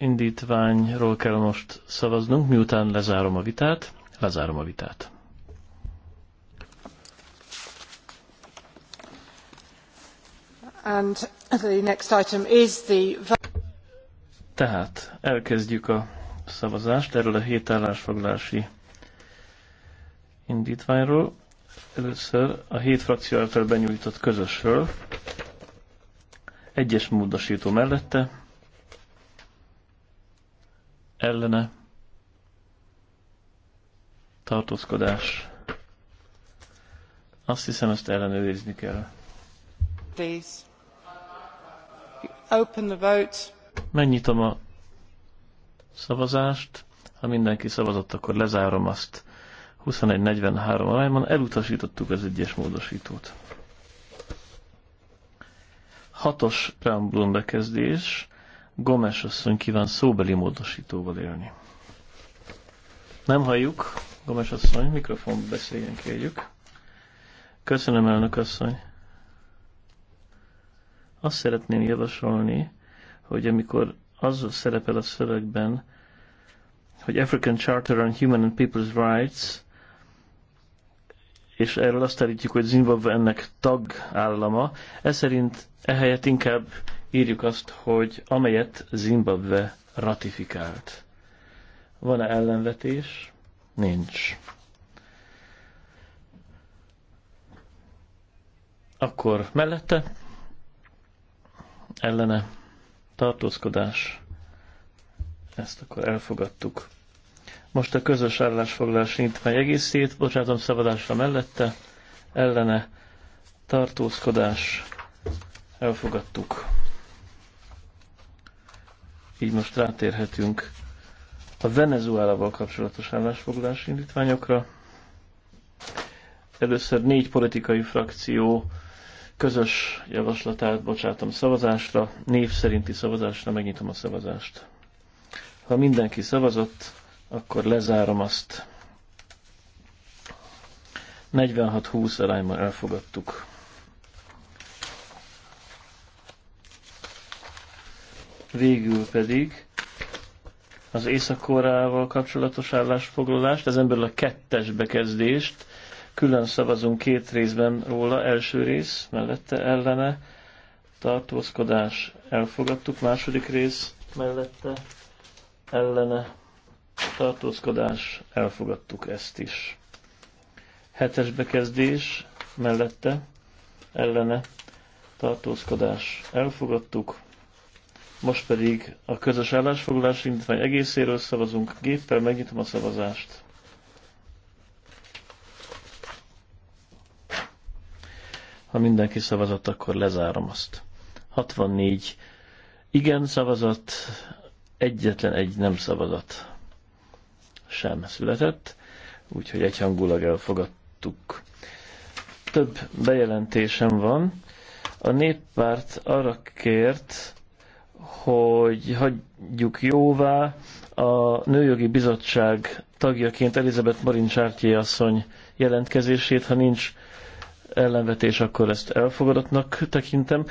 indítványról kell most szavaznunk, miután lezárom a vitát. Lezárom a vitát. And the next item is the... Tehát elkezdjük a szavazást erről a hét állásfoglalási indítványról. Először a hét frakció által benyújtott közösről. Egyes módosító mellette, ellene tartózkodás. Azt hiszem, ezt ellenőrizni kell. Please. Open the vote. Megnyitom a szavazást. Ha mindenki szavazott, akkor lezárom azt. 21-43 arányban elutasítottuk az egyes módosítót. Hatos preambulum bekezdés Gomes asszony kíván szóbeli módosítóval élni. Nem halljuk. Gomes asszony, mikrofon beszéljen, kérjük. Köszönöm, elnök asszony. Azt szeretném javasolni, hogy amikor az szerepel a szövegben, hogy African Charter on Human and People's Rights, és erről azt állítjuk, hogy Zimbabwe ennek tagállama, ez szerint ehelyett inkább írjuk azt, hogy amelyet Zimbabwe ratifikált. Van-e ellenvetés? Nincs. Akkor mellette ellene tartózkodás. Ezt akkor elfogadtuk. Most a közös állásfoglalás indítvány egészét, bocsátom szabadásra mellette, ellene tartózkodás elfogadtuk így most rátérhetünk a Venezuelával kapcsolatos állásfoglalási indítványokra. Először négy politikai frakció közös javaslatát bocsátom szavazásra, név szerinti szavazásra megnyitom a szavazást. Ha mindenki szavazott, akkor lezárom azt. 46-20 arányban elfogadtuk. végül pedig az Észak-Koreával kapcsolatos állásfoglalást, ezen belül a kettes bekezdést, külön szavazunk két részben róla, első rész, mellette ellene, tartózkodás, elfogadtuk, második rész, mellette ellene, tartózkodás, elfogadtuk ezt is. Hetes bekezdés, mellette ellene, tartózkodás, elfogadtuk, most pedig a közös állásfoglalás indítvány egészéről szavazunk géppel, megnyitom a szavazást. Ha mindenki szavazott, akkor lezárom azt. 64 igen szavazat, egyetlen egy nem szavazat sem született, úgyhogy egyhangulag elfogadtuk. Több bejelentésem van. A néppárt arra kért, hogy hagyjuk jóvá a Nőjogi Bizottság tagjaként Elizabeth Marin Csártyi asszony jelentkezését, ha nincs ellenvetés, akkor ezt elfogadottnak tekintem.